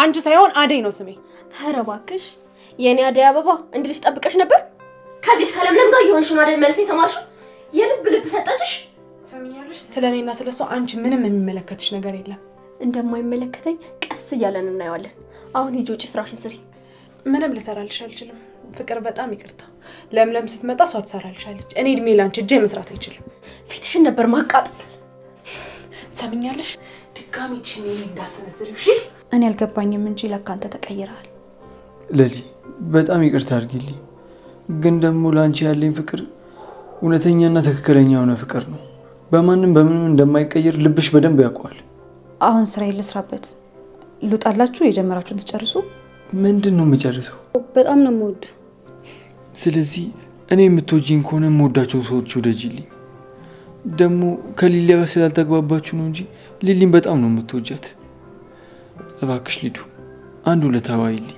አንቺ ሳይሆን አደይ ነው ስሜ። ኧረ እባክሽ የእኔ አደይ አበባ እንድልሽ ጠብቀሽ ነበር። ከዚች ከለምለም ጋር የሆንሽ ነው መልስ የተማርሽ የልብ ልብ ሰጠችሽ። ስለ እኔና ስለ እሷ አንቺ ምንም የሚመለከትሽ ነገር የለም። እንደማይመለከተኝ ቀስ እያለን እናየዋለን። አሁን ሂጂ ውጭ ስራሽን ስሪ። ምንም ልሰራልሽ አልችልም። ፍቅር በጣም ይቅርታ። ለምለም ስትመጣ እሷ ትሰራልሻለች። እኔ እድሜ ላንቺ እጄ መስራት አይችልም። ፊትሽን ነበር ማቃጠል። ሰምኛለሽ። ድጋሚ ችን እንዳሰነዝሪው እሺ እኔ አልገባኝም እንጂ ለካ አንተ ተቀይረሃል። ለሊ በጣም ይቅርታ አድርጊልኝ፣ ግን ደግሞ ለአንቺ ያለኝ ፍቅር እውነተኛና ትክክለኛ የሆነ ፍቅር ነው። በማንም በምንም እንደማይቀየር ልብሽ በደንብ ያውቀዋል። አሁን ስራዬን ልስራበት። ልውጣላችሁ? የጀመራችሁን ትጨርሱ። ምንድን ነው የምጨርሰው? በጣም ነው የምወድ። ስለዚህ እኔ የምትወጂኝ ከሆነ የምወዳቸውን ሰዎች ውደጂልኝ። ደግሞ ከሊሊ ጋር ስላልተግባባችሁ ነው እንጂ ሊሊን በጣም ነው የምትወጃት። እባክሽ ሊዱ አንድ ውለታ ዋይልኝ፣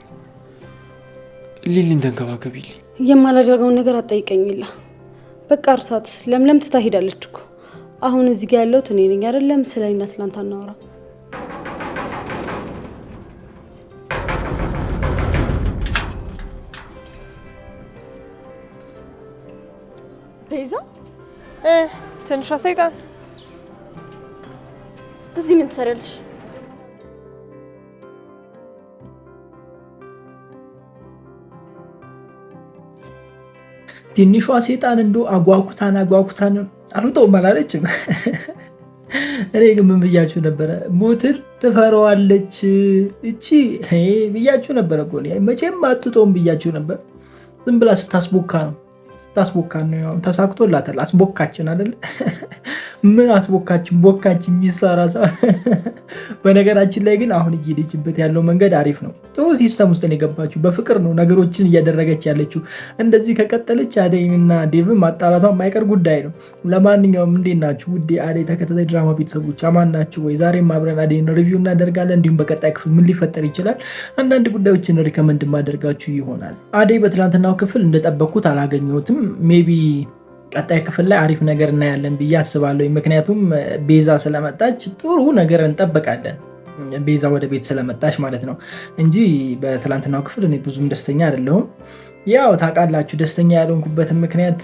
ሊሊን ተንከባከቢልኝ። የማላደርገውን ነገር አጠይቀኝላ። በቃ እርሳት። ለምለም ትታ ሄዳለች እኮ አሁን እዚህ ጋር ያለሁት እኔ ነኝ አይደለም? ስለኔና ስላንተ አናወራ ቤዛ ትንሿ ሰይጣን እዚህ ምን ትሰሪያለሽ? ትንሿ ሴጣን እንዶ አጓኩታን አጓኩታን አልወጣሁም አላለችም። እኔ ግን ምን ብያችሁ ነበረ? ሞትን ትፈረዋለች እቺ ብያችሁ ነበረ። መቼም አትጦም ብያችሁ ነበር። ዝም ብላ ስታስቦካ ነው ስታስቦካ ነው። ተሳክቶላታል። አስቦካችን አይደለ ምን አስቦካችን ቦካችን ይሰራ። በነገራችን ላይ ግን አሁን እየሄደችበት ያለው መንገድ አሪፍ ነው። ጥሩ ሲስተም ውስጥ ነው የገባችው። በፍቅር ነው ነገሮችን እያደረገች ያለችው። እንደዚህ ከቀጠለች አደይንና ዴቭን ማጣላቷ የማይቀር ጉዳይ ነው። ለማንኛውም እንዴት ናችሁ ውዴ አደይ ተከታታይ ድራማ ቤተሰቦች አማን ናችሁ ወይ? ዛሬም አብረን አደይን ሪቪው እናደርጋለን። እንዲሁም በቀጣይ ክፍል ምን ሊፈጠር ይችላል አንዳንድ ጉዳዮችን ሪከመንድ ማደርጋችሁ ይሆናል። አደይ በትናንትናው ክፍል እንደጠበቁት አላገኘሁትም ሜቢ ቀጣይ ክፍል ላይ አሪፍ ነገር እናያለን ብዬ አስባለሁ። ምክንያቱም ቤዛ ስለመጣች ጥሩ ነገር እንጠብቃለን። ቤዛ ወደ ቤት ስለመጣች ማለት ነው እንጂ በትላንትናው ክፍል እኔ ብዙም ደስተኛ አይደለሁም። ያው ታውቃላችሁ ደስተኛ ያልሆንኩበትን ምክንያት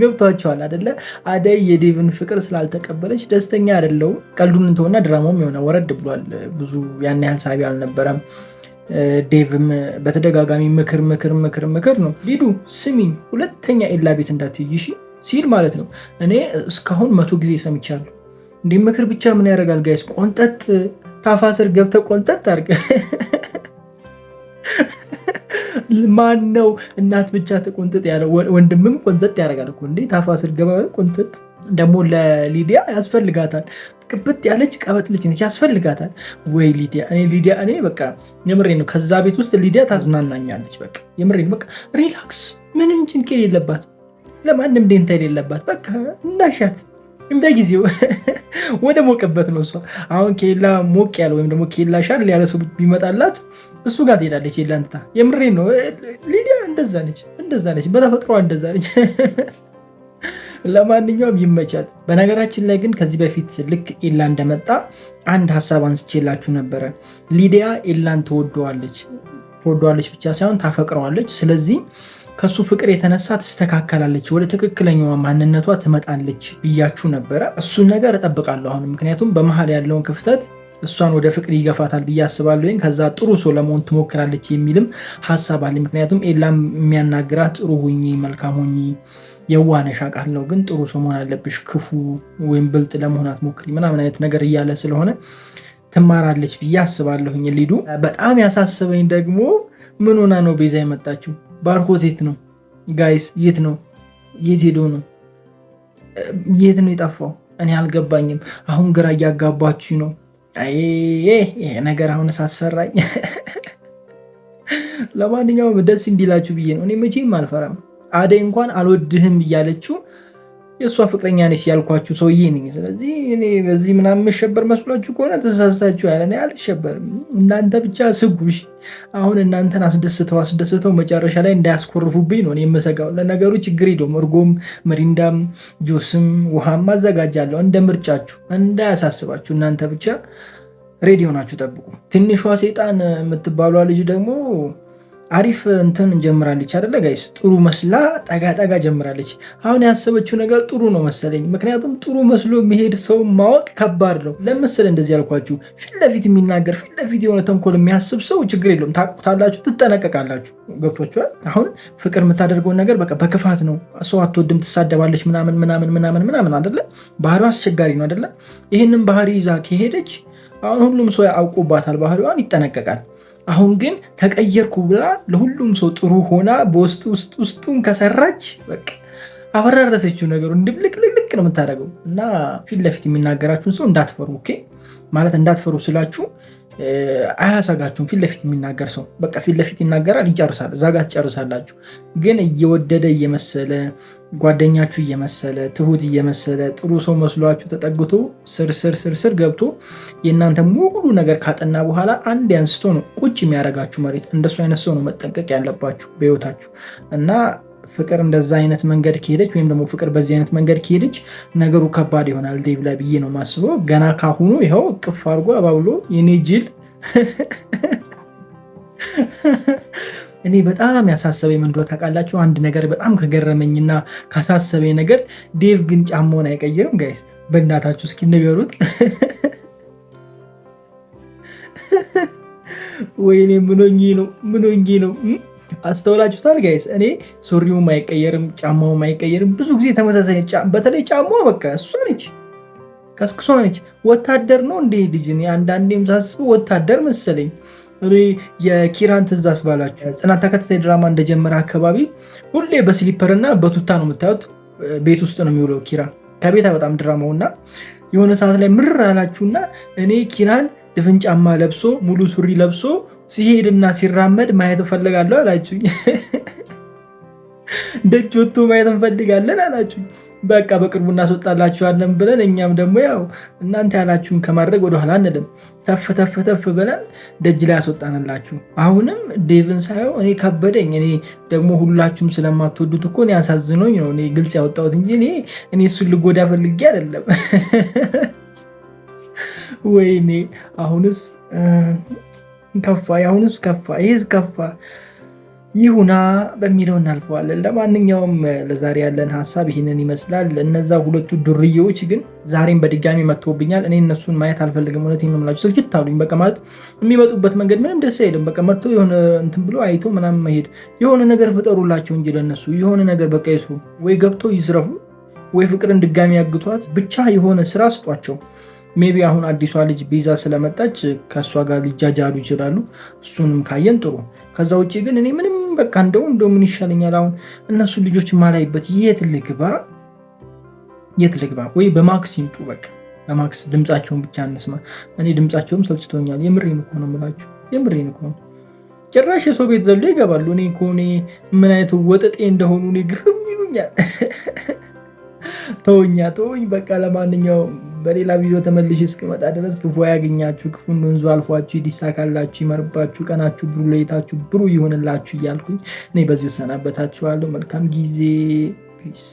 ገብቷቸዋል አደለ? አደይ የዴቭን ፍቅር ስላልተቀበለች ደስተኛ አይደለሁም። ቀልዱን እንተውና ድራማውም የሆነ ወረድ ብሏል። ብዙ ያን ያህል ሳቢ አልነበረም። ዴቭም በተደጋጋሚ ምክር ምክር ምክር ምክር ነው። ሊዱ ስሚኝ፣ ሁለተኛ ኤላ ቤት እንዳትይሽ ሲል ማለት ነው። እኔ እስካሁን መቶ ጊዜ ሰምቻለሁ። እንዲህ ምክር ብቻ ምን ያደርጋል ጋይስ? ቆንጠጥ ታፋስር ገብተ ቆንጠጥ አርገ ማን ነው እናት ብቻ ተቆንጠጥ ያለ ወንድምም ቆንጠጥ ያደርጋል እኮ እንዴ! ታፋስር ገባ ቆንጠጥ ደግሞ ለሊዲያ ያስፈልጋታል። ቅብጥ ያለች ቀበጥ ልጅ ነች፣ ያስፈልጋታል። ወይ ሊዲያ እኔ ሊዲያ እኔ በቃ የምሬ ነው። ከዛ ቤት ውስጥ ሊዲያ ታዝናናኛለች። በቃ የምሬ ነው። በቃ ሪላክስ፣ ምንም ጭንቅል የለባት፣ ለማንም ደንታ የሌለባት፣ በቃ እንዳሻት እንደ ጊዜው ወደ ሞቀበት ነው። እሷ አሁን ኬላ ሞቅ ያለ ወይም ደግሞ ኬላ ሻል ያለ ሰው ቢመጣላት እሱ ጋር ትሄዳለች። ኬላ የምሬ ነው። ሊዲያ እንደዛ ነች፣ እንደዛ ነች፣ በተፈጥሮ እንደዛ ነች። ለማንኛውም ይመቻት። በነገራችን ላይ ግን ከዚህ በፊት ልክ ኢላ እንደመጣ አንድ ሀሳብ አንስቼላችሁ ነበረ። ሊዲያ ኢላን ትወደዋለች፣ ትወደዋለች ብቻ ሳይሆን ታፈቅረዋለች። ስለዚህ ከሱ ፍቅር የተነሳ ትስተካከላለች፣ ወደ ትክክለኛዋ ማንነቷ ትመጣለች ብያችሁ ነበረ። እሱን ነገር እጠብቃለሁ አሁን ምክንያቱም በመሀል ያለውን ክፍተት እሷን ወደ ፍቅር ይገፋታል ብዬ አስባለሁ። ወይም ከዛ ጥሩ ሰው ለመሆን ትሞክራለች የሚልም ሀሳብ አለ። ምክንያቱም ኤላም የሚያናግራት ጥሩ ሁኚ፣ መልካም ሁኚ፣ የዋነሽ ነው፣ ግን ጥሩ ሰው መሆን አለብሽ፣ ክፉ ወይም ብልጥ ለመሆን አትሞክሪ ምናምን አይነት ነገር እያለ ስለሆነ ትማራለች ብዬ አስባለሁኝ። ሊዱ በጣም ያሳስበኝ ደግሞ ምን ሆና ነው ቤዛ የመጣችው? ባርኮት የት ነው ጋይስ? የት ነው? የት ሄዶ ነው? የት ነው የጠፋው? እኔ አልገባኝም። አሁን ግራ እያጋባችሁ ነው። ይሄ ነገር አሁን ሳስፈራኝ። ለማንኛውም ደስ እንዲላችሁ ብዬ ነው። እኔ መቼም አልፈራም። አደይ እንኳን አልወድህም እያለችው የእሷ ፍቅረኛ ነች ያልኳችሁ ሰውዬ ነኝ። ስለዚህ እኔ በዚህ ምናምን መሸበር መስሏችሁ ከሆነ ተሳስታችሁ ያለ አልሸበርም። እናንተ ብቻ ስጉሽ። አሁን እናንተን አስደስተው አስደስተው መጨረሻ ላይ እንዳያስኮርፉብኝ ነው የምሰጋው። ለነገሩ ችግር የለውም። እርጎም፣ መሪንዳም፣ ጁስም ውሃም አዘጋጃለሁ እንደ ምርጫችሁ። እንዳያሳስባችሁ እናንተ ብቻ ሬዲዮ ናችሁ፣ ጠብቁ። ትንሿ ሴጣን የምትባሏ ልጅ ደግሞ አሪፍ እንትን ጀምራለች አደለ ጋይስ? ጥሩ መስላ ጠጋጠጋ ጀምራለች። አሁን ያሰበችው ነገር ጥሩ ነው መሰለኝ። ምክንያቱም ጥሩ መስሎ መሄድ ሰው ማወቅ ከባድ ነው። ለምስል እንደዚህ ያልኳችሁ ፊት ለፊት የሚናገር ፊት ለፊት የሆነ ተንኮል የሚያስብ ሰው ችግር የለውም፣ ታቁታላችሁ፣ ትጠነቀቃላችሁ። ገብቷችኋል? አሁን ፍቅር የምታደርገውን ነገር በቃ በክፋት ነው። ሰው አትወድም፣ ትሳደባለች፣ ምናምን ምናምን ምናምን ምናምን አደለ? ባህሪዋ አስቸጋሪ ነው አደለ? ይህንን ባህሪ ይዛ ከሄደች አሁን ሁሉም ሰው ያውቁባታል፣ ባህሪዋን ይጠነቀቃል። አሁን ግን ተቀየርኩ ብላ ለሁሉም ሰው ጥሩ ሆና በውስጥ ውስጥ ውስጡን ከሰራች በቃ አበራረሰችው ነገሩ እንድብልቅልቅልቅ ነው የምታደርገው። እና ፊት ለፊት የሚናገራችሁን ሰው እንዳትፈሩ ኦኬ። ማለት እንዳትፈሩ ስላችሁ አያሳጋችሁም። ፊት ለፊት የሚናገር ሰው በቃ ፊት ለፊት ይናገራል፣ ይጨርሳል። እዛ ትጨርሳላችሁ። ግን እየወደደ እየመሰለ ጓደኛችሁ እየመሰለ ትሁት እየመሰለ ጥሩ ሰው መስሏችሁ ተጠግቶ ስር ስር ስር ስር ገብቶ የእናንተ ሙሉ ነገር ካጠና በኋላ አንድ አንስቶ ነው ቁጭ የሚያደርጋችሁ መሬት። እንደሱ አይነት ሰው ነው መጠንቀቅ ያለባችሁ በህይወታችሁ እና ፍቅር እንደዛ አይነት መንገድ ከሄደች ወይም ደግሞ ፍቅር በዚህ አይነት መንገድ ከሄደች ነገሩ ከባድ ይሆናል ዴቭ ላይ ብዬ ነው ማስበው። ገና ካሁኑ ይኸው እቅፍ አድርጎ አባብሎ የኔ ጅል። እኔ በጣም ያሳሰበኝ ምን ታቃላቸው ታውቃላችሁ? አንድ ነገር በጣም ከገረመኝና ካሳሰበኝ ነገር ዴቭ ግን ጫማውን አይቀይርም። ጋይስ በእናታችሁ እስኪ ንገሩት። ወይኔ ምኖኝ ነው ምኖኝ ነው አስተውላችሁታል ጋይስ? እኔ ሱሪውም አይቀየርም፣ ጫማውም አይቀየርም። ብዙ ጊዜ ተመሳሳይ በተለይ ጫማ በቃ እሷ ነች፣ ከስክሷ ነች። ወታደር ነው እንዴ ልጅ? አንዳንዴም ሳስበው ወታደር መሰለኝ። እኔ የኪራን ትእዛዝ ባላችሁ ጽናት ተከታታይ ድራማ እንደጀመረ አካባቢ ሁሌ በስሊፐር እና በቱታ ነው የምታዩት። ቤት ውስጥ ነው የሚውለው ኪራ ከቤት በጣም ድራማው እና የሆነ ሰዓት ላይ ምር አላችሁና እኔ ኪራን ድፍን ጫማ ለብሶ ሙሉ ሱሪ ለብሶ ሲሄድና ሲራመድ ማየት እንፈልጋለሁ አላችሁኝ። ደጅ ወጥቶ ማየት እንፈልጋለን አላችሁኝ። በቃ በቅርቡ እናስወጣላችኋለን ብለን እኛም ደግሞ ያው እናንተ ያላችሁን ከማድረግ ወደኋላ አንልም። ተፍ ተፍ ተፍ ብለን ደጅ ላይ ያስወጣንላችሁ። አሁንም ዴቭን ሳየው እኔ ከበደኝ። እኔ ደግሞ ሁላችሁም ስለማትወዱት እኮ እኔ አሳዝኖኝ ነው እኔ ግልጽ ያወጣሁት እንጂ እኔ እኔ እሱን ልጎዳ ፈልጌ አይደለም። ወይኔ አሁንስ ከፋ፣ የአሁንስ ከፋ፣ ይህስ ከፋ ይሁና በሚለው እናልፈዋለን። ለማንኛውም ለዛሬ ያለን ሀሳብ ይህንን ይመስላል። እነዛ ሁለቱ ዱርዬዎች ግን ዛሬም በድጋሚ መጥቶብኛል። እኔ እነሱን ማየት አልፈልግም። እውነቴን ነው የምላቸው። ስልችት አሉኝ። በቃ ማለት የሚመጡበት መንገድ ምንም ደስ አይልም። በቃ መጥቶ የሆነ እንትን ብሎ አይቶ ምናምን መሄድ የሆነ ነገር ፍጠሩላቸው እንጂ ለነሱ የሆነ ነገር በቃ ይስሩ፣ ወይ ገብቶ ይስረፉ፣ ወይ ፍቅርን ድጋሚ ያግቷት፣ ብቻ የሆነ ስራ ስጧቸው። ሜቢ አሁን አዲሷ ልጅ ቤዛ ስለመጣች ከእሷ ጋር ሊጃጃሉ ይችላሉ። እሱንም ካየን ጥሩ። ከዛ ውጭ ግን እኔ ምንም በቃ እንደው እንደው ምን ይሻለኛል አሁን እነሱ ልጆች ማላይበት የት ልግባ የት ልግባ? ወይ በማክስ ይምጡ በቃ በማክስ ድምፃቸውን ብቻ እንስማ። እኔ ድምፃቸውም ሰልችቶኛል። የምሬን እኮ ነው የምላችሁ፣ የምሬን እኮ ነው። ጭራሽ የሰው ቤት ዘሎ ይገባሉ። እኔ ከሆኔ ምን አይነት ወጠጤ እንደሆኑ እኔ ግርም ይሉኛል። ተውኛ ተውኝ በቃ። ለማንኛውም በሌላ ቪዲዮ ተመልሼ እስክመጣ ድረስ ክፉ ያገኛችሁ ክፉን ወንዙ አልፏችሁ፣ ይሳካላችሁ፣ ይመርባችሁ፣ ቀናችሁ ብሩ፣ ለይታችሁ ብሩ ይሆንላችሁ እያልኩኝ እኔ በዚህ እሰናበታችኋለሁ። መልካም ጊዜ ፒስ